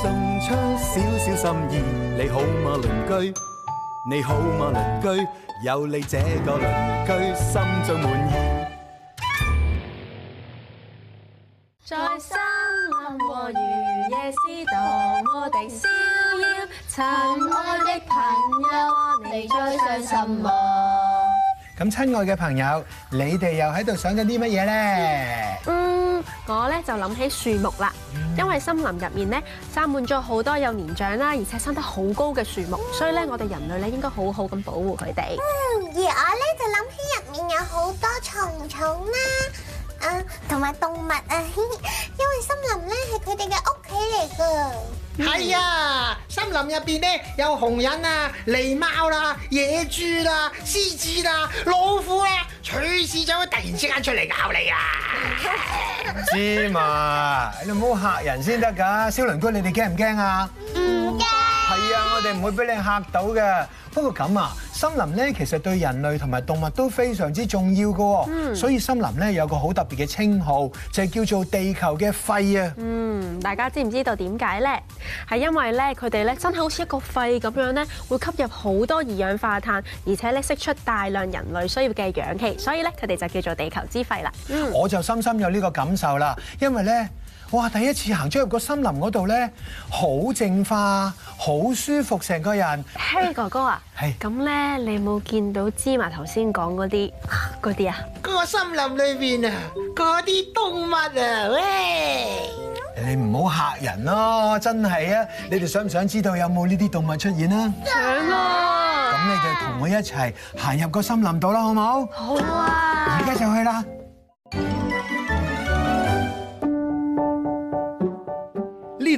送出少少心意，你好嗎鄰居？你好嗎鄰居？有你這個鄰居，心中滿意。在森林和原野思我逍遙，私蕩、啊，我哋逍遙。那親愛的朋友，你們又在想什麼呢？咁、嗯，親愛嘅朋友，你哋又喺度想緊啲乜嘢咧？我咧就諗起樹木啦，因為森林入面咧生滿咗好多有年長啦，而且生得好高嘅樹木，所以咧我哋人類咧應該好好咁保護佢哋。嗯，而我咧就諗起入面有好多蟲蟲啦，啊，同埋動物啊，因為森林咧係佢哋嘅屋企嚟㗎。係啊。森林入邊咧有熊人啊、狸貓啦、啊、野豬啦、啊、獅子啊、老虎啊，隨時就會突然之間出嚟咬你啊！知嘛？ 你唔好嚇人先得噶，蕭倫哥，你哋驚唔驚啊？我哋唔會俾你吓到嘅。不過咁啊，森林咧其實對人類同埋動物都非常之重要嘅。所以森林咧有個好特別嘅稱號，就係叫做地球嘅肺啊。嗯，大家知唔知道點解咧？係因為咧，佢哋咧真係好似一個肺咁樣咧，會吸入好多二氧化碳，而且咧釋出大量人類需要嘅氧氣，所以咧佢哋就叫做地球之肺啦。嗯，我就深深有呢個感受啦，因為咧。哇！第一次行咗入個森林嗰度咧，好淨化，好舒服，成個人。嘿，哥哥啊，係，咁咧你有冇見到芝麻頭先講嗰啲嗰啲啊？嗰個森林裏邊啊，嗰啲動物啊，喂你！你唔好嚇人咯，真係啊！你哋想唔想知道有冇呢啲動物出現啊？想啊！咁你就同我一齊行入個森林度啦，好唔好？好啊！而家就去啦。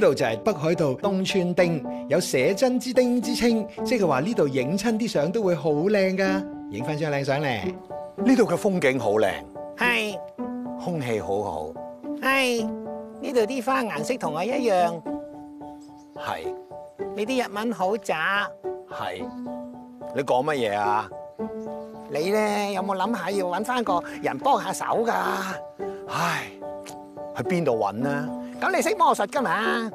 呢度就係北海道東川町，有寫真之町之稱，即係話呢度影親啲相都會好靚噶，影翻張靚相咧。呢度嘅風景好靚，係，空氣好好，係，呢度啲花顏色同我一樣，係。你啲日文好渣，係。你講乜嘢啊？你咧有冇諗下要搵翻個人幫下手噶？唉，去邊度搵啊？咁你識魔術㗎嘛？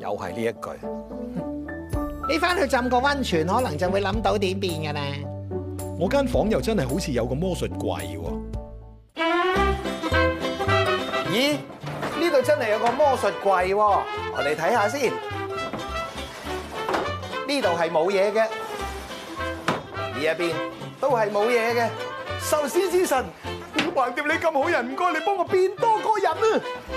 又係呢一句。你翻去浸個溫泉，可能就會諗到點變嘅咧。我間房又真係好似有個魔術櫃喎。咦？呢度真係有個魔術櫃喎。我哋睇下先。呢度係冇嘢嘅。呢一邊都係冇嘢嘅。壽司之神，橫掂你咁好人，唔該你幫我變多個人啊！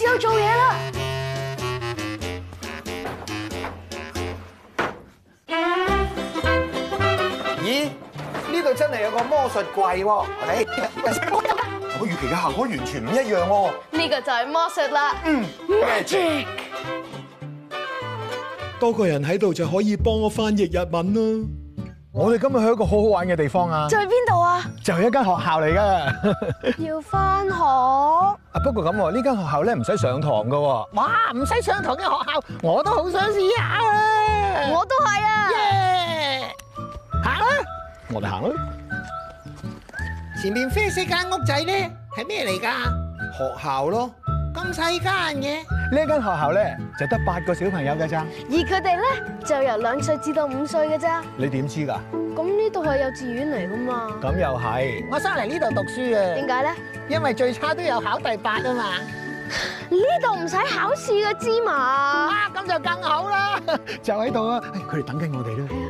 只有做嘢啦！了，咦，呢度真係有個魔術櫃喎， 我預期嘅效果完全唔一樣喎。呢個就係魔術啦，嗯。嗯，magic。多個人喺度就可以幫我翻譯日文啦。我哋今日去一個好好玩嘅地方啊！就係邊度啊？就係一間學校嚟噶。要翻學？啊，不過咁喎，呢間學校咧唔使上堂噶。哇，唔使上堂嘅學校，我都好想試下啊。我都係啊。耶！行啦！我哋行咯。前面啡色間屋仔咧係咩嚟噶？學校咯。咁細間嘅。呢間學校咧就得八個小朋友嘅咋，而佢哋咧就由兩歲至到五歲嘅咋。你點知噶？咁呢度係幼稚園嚟噶嘛是？咁又係，我生嚟呢度讀書啊。點解咧？因為最差都有考第八啊嘛。呢度唔使考試嘅芝麻。啊，咁就更好啦，就喺度啊！佢哋等緊我哋啦。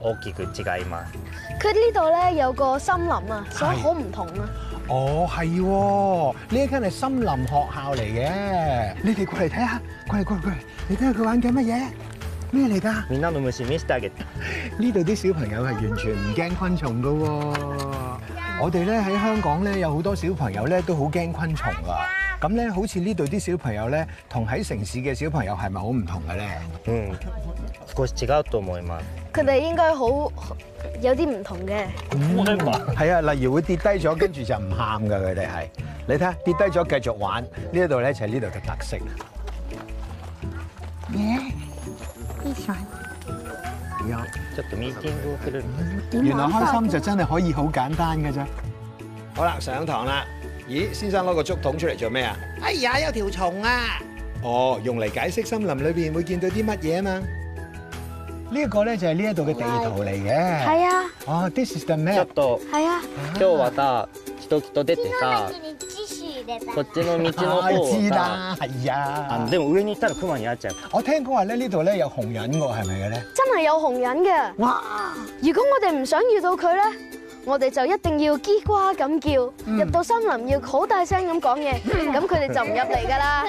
我見佢設計嘛，佢呢度咧有個森林啊，所以好唔同啊。哦，係，呢間係森林學校嚟嘅。你哋過嚟睇下，過嚟過嚟過嚟，你睇下佢玩緊乜嘢？咩嚟㗎？你啱唔啱先，Mister？呢度啲小朋友係完全唔驚昆蟲㗎喎。我哋咧喺香港咧，有好多小朋友咧都好驚昆蟲㗎。咁咧，好似呢度啲小朋友咧，同喺城市嘅小朋友係咪好唔同嘅咧？嗯，個自家獨門嘛。佢哋應該好有啲唔同嘅。嗯，係啊，例如會跌低咗，跟住就唔喊㗎。佢哋係，你睇下跌低咗繼續玩。呢一度咧就係呢度嘅特色。耶！呢個有。原來開心就真係可以好簡單㗎啫。好啦，上堂啦。咦，先生攞個竹筒出嚟做咩啊？哎呀，有條蟲啊！哦，用嚟解釋森林裏邊會見到啲乜嘢啊嘛？呢個咧就係呢一度嘅地圖嚟嘅，哦。係啊。哦，this is the map。係啊。今日我帶 Kito Kito 出嚟啦。個電腦我，稍稍這裡我，就是，知啦？係啊。啊，唔知你得佢有一隻。我聽講話咧，呢度咧有紅人喎，係咪嘅咧？真係有紅人嘅。哇！如果我哋唔想遇到佢咧？我哋就一定要嘰呱咁叫，入到森林要好大聲咁講嘢，咁佢哋就唔入嚟噶啦。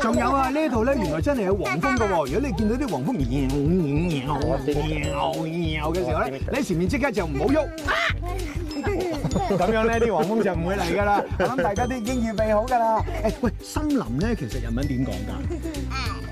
仲有啊，呢度咧原來真係有黃蜂噶喎，如果你見到啲黃蜂搖搖搖搖嘅時候咧，你前面即刻就唔好喐，咁樣咧啲黃蜂就唔會嚟噶啦。咁大家都已經預備好噶啦。喂，森林咧其實日文點講噶？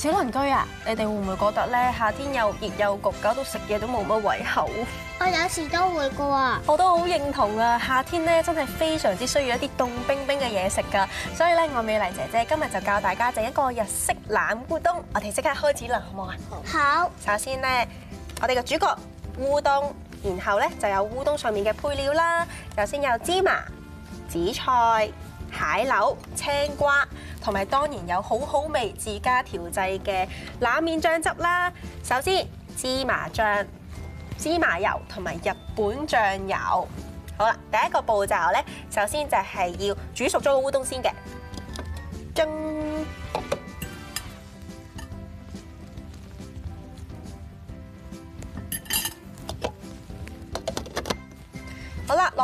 小鄰居啊，你哋會唔會覺得咧夏天又熱又焗，搞到食嘢都冇乜胃口？我有時都會嘅喎。我都好認同啊！夏天咧真係非常之需要一啲凍冰冰嘅嘢食㗎，所以咧我美麗姐姐今日就教大家整一個日式冷烏冬。我哋即刻開始啦，好唔好啊？好。首先咧，我哋嘅主角烏冬，然後咧就有烏冬上面嘅配料啦，首先有芝麻、紫菜。蟹柳、青瓜，同埋當然有很好好味自家調製嘅冷麵醬汁啦。首先，芝麻醬、芝麻油同埋日本醬油。好啦，第一個步驟呢，首先就係要煮熟咗個烏冬先嘅。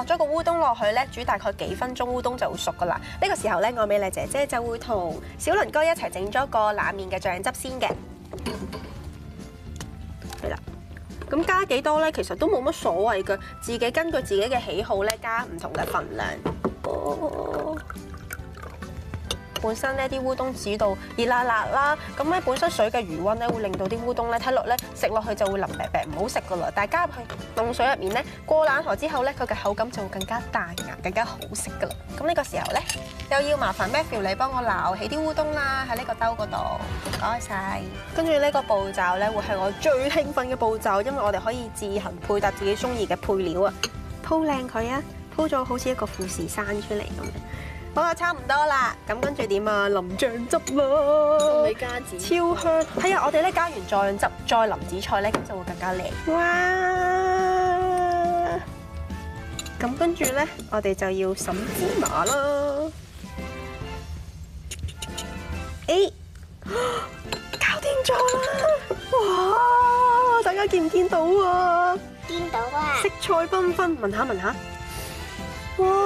咗個烏冬落去咧，煮大概幾分鐘，烏冬就會熟噶啦。呢個時候咧，我美麗姐姐就會同小倫哥一齊整咗個冷麵嘅醬汁先嘅。係啦，咁加幾多呢？其實都冇乜所謂嘅，自己根據自己嘅喜好呢，加唔同嘅份量哦。本身呢啲烏冬煮到熱辣辣啦，咁咧本身水嘅餘温咧會令到啲烏冬咧睇落咧食落去就會腍腍唔好食噶啦。但加入去凍水入面咧過冷河之後咧，佢嘅口感就會更加彈牙、更加好食噶啦。咁呢個時候咧，又要麻煩 Matthew 你幫我撈起啲烏冬啦，喺呢個兜嗰度。唔該晒。跟住呢個步驟咧，會係我最興奮嘅步驟，因為我哋可以自行配搭自己中意嘅配料啊。鋪靚佢啊，鋪咗好似一個富士山出嚟咁樣。好啊，差唔多啦，咁跟住點啊？淋醬汁咯，超香。係啊，我哋咧加完醬汁，再淋紫菜咧，就會更加靚。哇！咁跟住咧，我哋就要撒芝麻啦。哎，搞掂咗啦！哇，大家見唔見到啊？見到啊！色彩繽紛，聞下聞下。哇！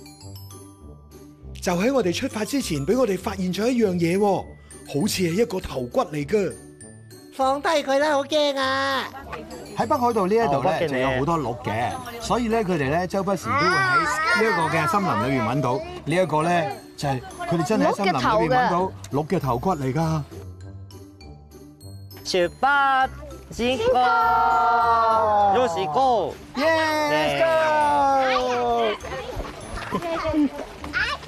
就喺我哋出發之前，俾我哋發現咗一樣嘢，好似係一個頭骨嚟㗎。放低佢啦，好驚啊！喺北海道呢一度咧就有好多鹿嘅，所以咧佢哋咧周不時都會喺呢一個嘅森林裏邊揾到呢一個咧就係佢哋真係森林裏邊揾到鹿嘅頭骨嚟㗎。十八，二哥，有時哥，耶，Let's go！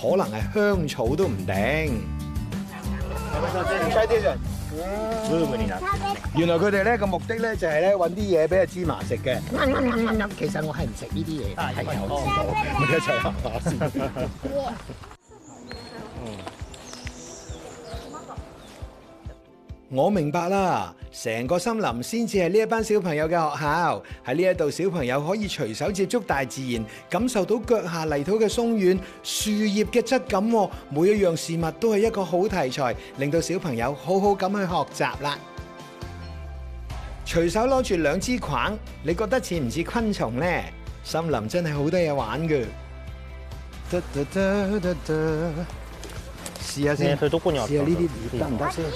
可能係香草都唔定，原來佢哋咧個目的咧就係咧揾啲嘢俾阿芝麻食嘅。其實我係唔食呢啲嘢，係有知道，我哋一齊學下先。 我明白啦，成個森林先至係呢一班小朋友嘅學校在這裏，喺呢一度小朋友可以隨手接觸大自然，感受到腳下泥土嘅鬆軟、樹葉嘅質感，每一樣事物都係一個好題材，令到小朋友好好咁去學習啦。隨手攞住兩支菌，你覺得似唔似昆蟲呢？森林真係好多嘢玩嘅。嚟到得唔得先？試下。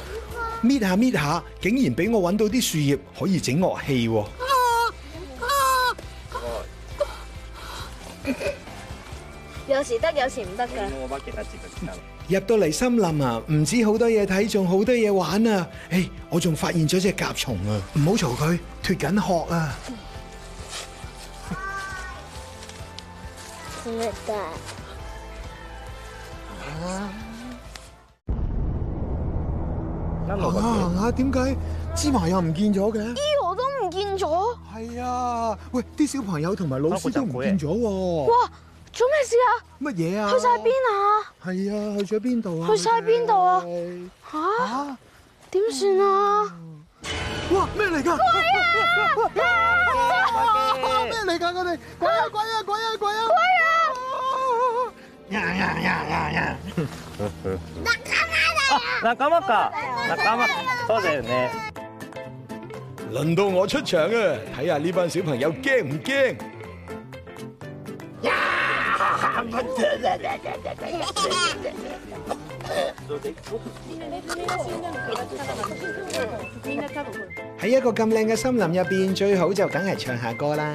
搣下搣下，竟然俾我揾到啲樹葉可以整樂器喎。有時得，有時唔得嘅。入到嚟森林啊，唔止好多嘢睇，仲好多嘢玩啊！誒，我仲發現咗隻甲蟲啊！唔好嘈佢，脫緊殼啊！ 行下行下，點解芝麻又唔見咗嘅？咦，我都唔見咗。係啊，喂，啲小朋友同埋老師都唔見咗喎。哇！做咩事啊？乜嘢啊？去晒邊啊？係啊，去咗邊度啊？去晒邊度啊？吓？點算啊？哇！咩嚟㗎？鬼啊！咩嚟㗎？我哋鬼啊！鬼啊！鬼啊！鬼啊！鬼啊！嗱咁啊，嗱咁啊，多謝你。輪到我出場啊！睇下呢班小朋友驚唔驚？呀！喺一個咁靚嘅森林入邊，最好就梗係唱下歌啦。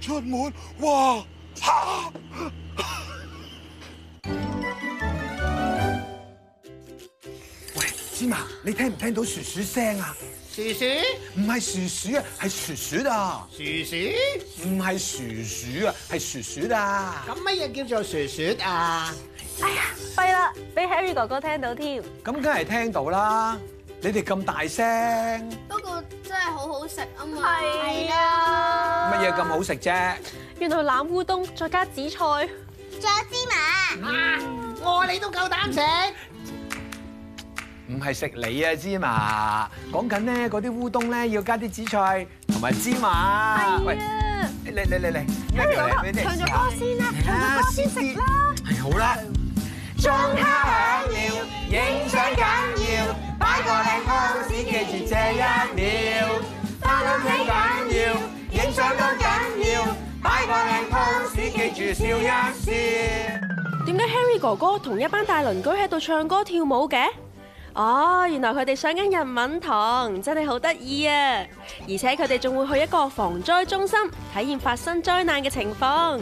出門哇！啊、喂，芝麻，你聽唔聽到薯薯聲啊？薯薯鼠？唔係薯薯啊，係薯薯啊。薯薯鼠？唔係薯薯啊，係薯薯啊。咁乜嘢叫做薯薯啊？哎呀，弊啦，俾 Harry 哥哥聽到添。咁梗係聽到啦，你哋咁大聲。不過真係好好食啊嘛。係、嗯、啊。的乜嘢咁好食啫？原來冷烏冬再加紫菜，仲有芝麻。啊！我你都夠膽食？唔係食你啊，芝麻。講緊咧，嗰啲烏冬咧要加啲紫菜同埋芝麻。係啊！喂，嚟嚟嚟嚟，一條嚟俾你食啦。唱咗歌先啦！唱咗歌先食啦。係好啦。笑一笑，點解 Henry 哥哥同一班大鄰居喺度唱歌跳舞嘅？哦，原來佢哋上緊日文堂，真係好得意啊！而且佢哋仲會去一個防災中心，體驗發生災難嘅情況。